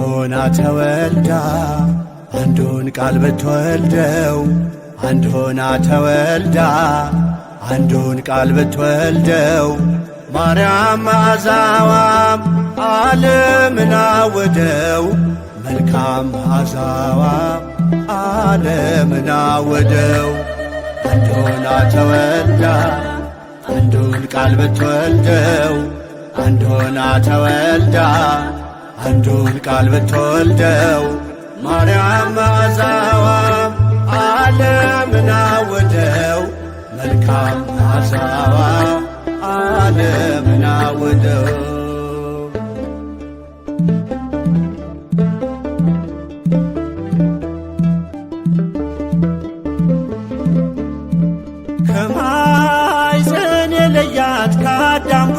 ሆና ተወልዳ አንዱን ቃል ብትወልደው አንድ ሆና ተወልዳ አንዱን ቃል ብትወልደው ማርያም መዓዛዋም ዓለምን አወደው መልካም መዓዛዋም ዓለምን አወደው አንድ ሆና ተወልዳ አንዱን ቃል ብትወልደው አንድ ሆና ተወልዳ አንዱን ቃል ብትወልደው ማርያም መዓዛዋ ዓለምን አወደው መልካም መዓዛዋ ዓለምን አወደው ከማይፀን የለያት ከአዳም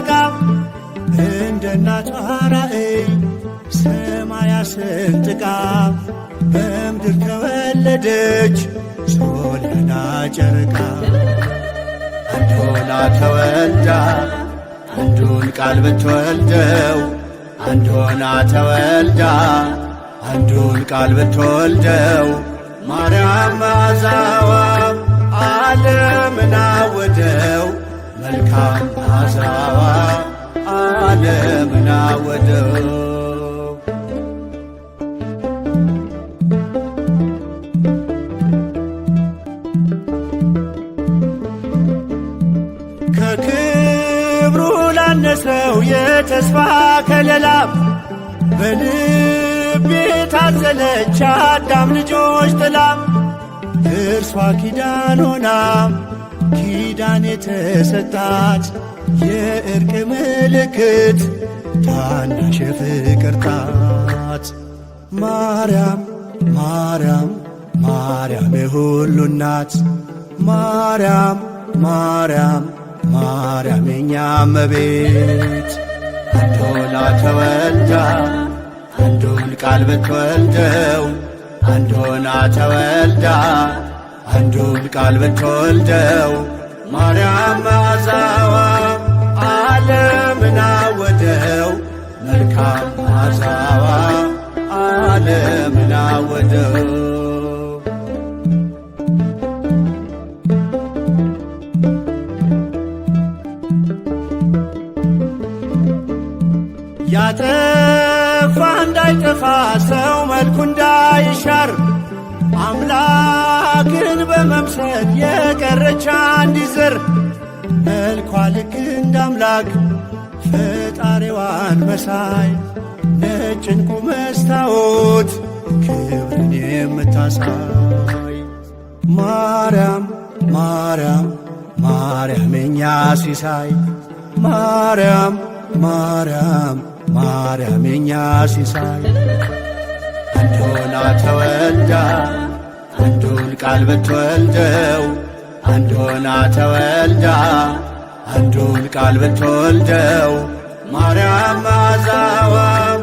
ጨረቃ እንደ እናቷ ራእይ ሰማያ ስንጥቃ በምድር ተወለደች ሶልና ጨረቃ አንድ ተወልዳ አንዱን ቃል ብትወልደው አንድ ተወልዳ አንዱን ቃል ብትወልደው ማርያም ማዛዋ ዓለምን አወደው መልካም ሐሳቧ ዓለምን አወደው። ከክብሩ ላነሰው የተስፋ ከለላ በልቤ ታዘለች አዳም ልጆች ጥላ እርሷ ኪዳን ሆና ኪዳን የተሰጣት የእርቅ ምልክት ታናሽ የፍቅር ጣት ማርያም ማርያም ማርያም የሁሉ እናት ማርያም ማርያም ማርያም የኛ እመቤት አንዶላ ተወልዳ አንዱን ቃል ብትወልደው አንዶና ተወልዳ አንዱን ቃል ብትወልደው ማርያም መዓዛዋ ዓለምን አወደው መልካም መዓዛዋ ዓለምን አወደው ያጠፋ እንዳይጠፋ ሰው መልኩ እንዳይሻር አምላክ አምላክን በመምሰል የቀረች አንዲት ዘር መልኳ ልክ እንደ አምላክ ፈጣሪዋን መሳይ ነጭ ዕንቁ መስታወት ክብርን የምታሳይ ማርያም ማርያም ማርያም የኛ ሲሳይ ማርያም ማርያም ማርያም የኛ ሲሳይ እንደሆና ተወልዳ አንዱን ቃል ብትወልደው አንዱን አተወልዳ አንዱን ቃል ብትወልደው ማርያም ማዛዋም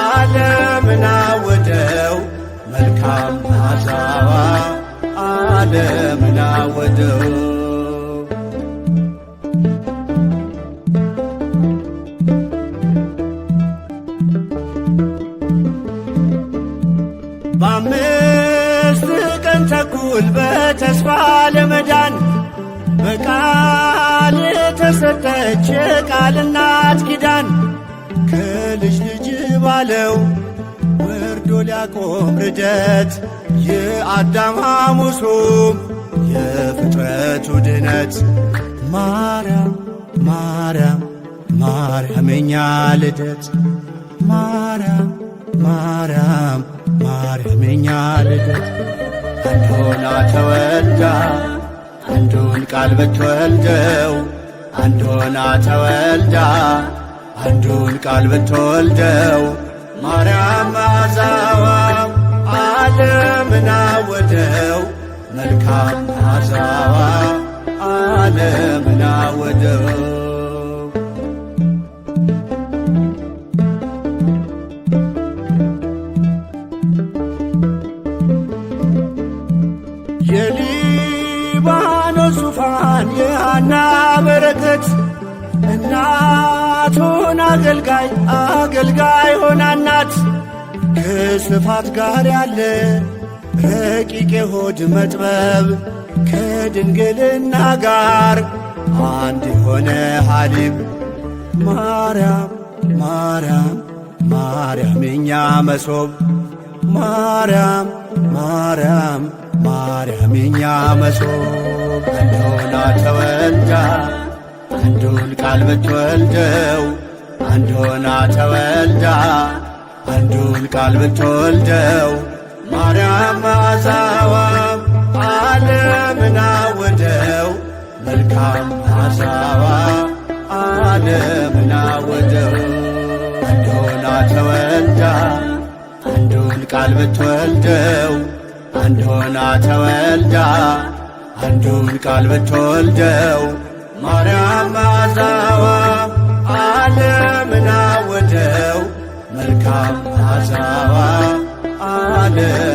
ዓለምን አወደው መልካም ማዛዋ ዓለምን አወደው ተስፋ ለመዳን በቃል የተሰጠች የቃል እናት ኪዳን ከልጅ ልጅ ባለው ወርዶ ሊያቆም ርደት የአዳም ሐሙሱም የፍጥረቱ ድነት ማርያም ማርያም ማርያም ልደት ማርያም ማርያም ማርያም ልደት አንዱና ተወልዳ አንዱን ቃል ብትወልደው አንዱና ተወልዳ አንዱን ቃል ብትወልደው ማርያም ማዛዋ ዓለምን አወደው መልካም ማዛዋ ዓለምን የሊባኖስ ዙፋን የሃና በረከት እናቱን አገልጋይ አገልጋይ ሆና እናት ከስፋት ጋር ያለ ረቂቅ የሆድ መጥበብ ከድንግልና ጋር አንድ የሆነ ሐሊብ ማርያም ማርያም ማርያም የኛ መሶብ ማርያም ማርያም ማርያም የኛ መሶብ አንዱን ተወልዳ አንዱን ቃል ብትወልደው አንዱን ተወልዳ አንዱን ቃል ብትወልደው ማርያም ሐሳቧም ዓለምን አወደው መልካም ዓለምን አወደው ተወልዳ ቃል ብትወልደው አንድ ሆና ተወልዳ አንዱን ቃል ብትወልደው ማርያም ማዛዋ ዓለምን አወደው መልካም ማዛዋ ዓለም